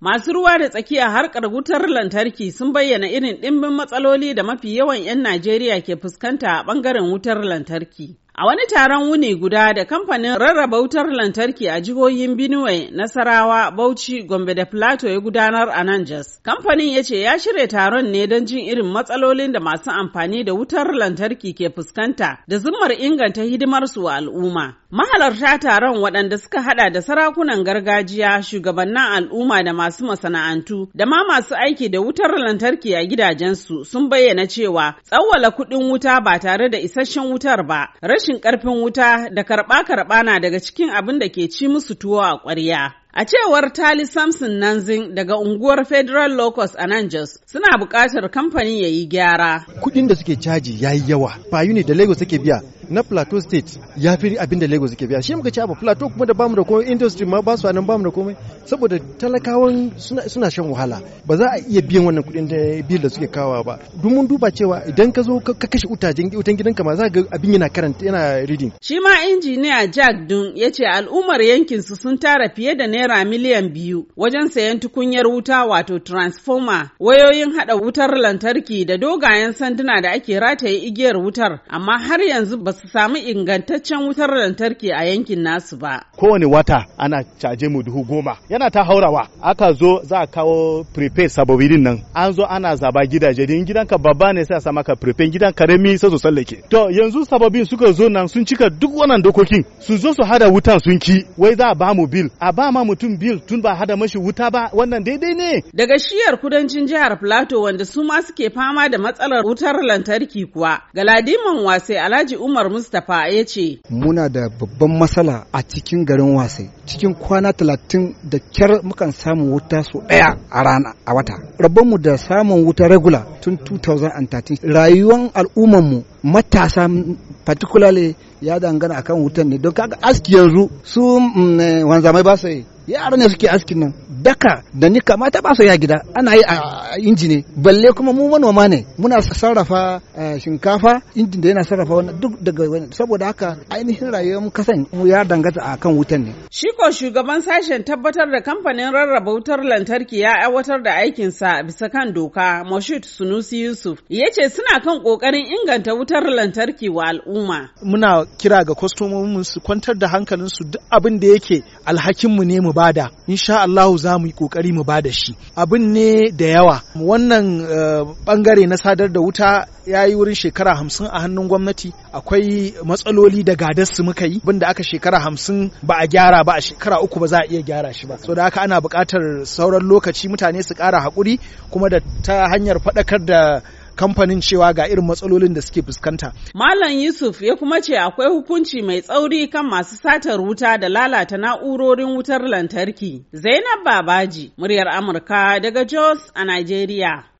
Masu ruwa da tsaki a harkar wutar lantarki sun bayyana irin ɗimbin matsaloli da mafi yawan 'yan Najeriya ke fuskanta a ɓangaren wutar lantarki. A wani taron wuni guda da kamfanin rarraba wutar lantarki a jihohin Benue, Nasarawa, Bauchi, Gombe da Plato ya gudanar a nan Jos. Kamfanin ya ce ya shirya taron ne don jin irin matsalolin da masu amfani da wutar lantarki ke fuskanta da zumar inganta hidimar su wa al'umma. Mahalarta taron waɗanda suka hada da sarakunan gargajiya, shugabannin al'umma da masu masana'antu da ma masu aiki da wutar lantarki a gidajensu sun bayyana cewa tsawwala kuɗin wuta ba tare da isasshen wutar ba, rashin rashin karfin wuta da karɓa-karɓa na daga cikin abin da ke ci musu tuwo a ƙwarya. A cewar Tali Samson Nanzin daga unguwar Federal Locust a nan Jos suna buƙatar kamfanin ya yi gyara. Kuɗin da suke caji ya yi yawa, fayu ne da Lagos suke biya na plateau state ya fi abin da lagos ke biya shi muka ci abu plateau kuma da bamu da komai industry ma ba su anan bamu da komai saboda talakawan suna, shan wahala ba za a iya biyan wannan kuɗin da bil da suke kawa ba duk mun duba cewa idan ka zo ka kashe utajen utan gidanka ma za ga abin yana karanta yana reading shi ma injiniya jack dun ya ce al'ummar yankin su sun tara fiye da naira miliyan biyu wajen sayan tukunyar wuta wato transformer wayoyin hada wutar lantarki da dogayen sanduna da ake rataye igiyar wutar amma har yanzu ba su samu ingantaccen wutar lantarki a yankin nasu ba. Kowane wata ana caje mu duhu goma. Yana ta haurawa. Aka zo za a kawo prepaid sabobidin nan. An zo ana zaba gidaje. Din gidanka babba ne sai a sa maka prepaid gidan karami sai su sallake. To yanzu sabobin suka zo nan sun cika duk wannan dokokin. Su zo su hada wutan sun ki. Wai za a ba mu bil. A ba ma mutum bil tun ba hada mashi wuta ba wannan daidai ne. Daga shiyar kudancin jihar Plateau wanda su ma suke fama da matsalar wutar lantarki kuwa. Galadiman Wase, Alhaji Umar Mustapha ya ce. Muna da babban matsala a cikin garin wasai. Cikin kwana talatin da kyar mukan samu wuta so ɗaya a rana a wata. Rabonmu da samun wuta regula tun 2013. Rayuwan al'ummanmu matasa particularly ya dangana akan wutan ne don kaga aski yanzu su mm, eh, wanzamai ba su yi yara ne suke askin nan daka da kama ta ba su ya gida ana yi a inji ne balle kuma mu manoma ne muna sarrafa eh, shinkafa injin da yana sarrafa wannan duk daga saboda haka ainihin rayuwar kasan ya dangata a kan wutan ne shi ko shugaban sashen tabbatar da kamfanin rarraba wutar lantarki ya aiwatar da aikin sa bisa kan doka Moshut Sunusi Yusuf yace suna kan kokarin inganta wutar lantarki wa al'umma muna kira ga kwastomomin su kwantar da hankalinsu duk abin da yake alhakinmu ne mu bada insha Allahu za mu yi kokari mu bada shi abin ne da yawa wannan bangare eh, na sadar da wuta ya yi wurin shekara hamsin a hannun gwamnati akwai matsaloli da gadarsu muka yi bin da aka shekara hamsin ba a gyara ba a shekara uku ba za a iya gyara shi ba so da haka ana buƙatar sauran lokaci mutane su ƙara haƙuri kuma da ta hanyar faɗakar da kamfanin cewa ga irin matsalolin da suke fuskanta. Malam Yusuf ya kuma ce akwai hukunci mai tsauri kan masu satar wuta da lalata na'urorin wutar lantarki. Zainab Babaji, muryar Amurka daga Jos a Najeriya.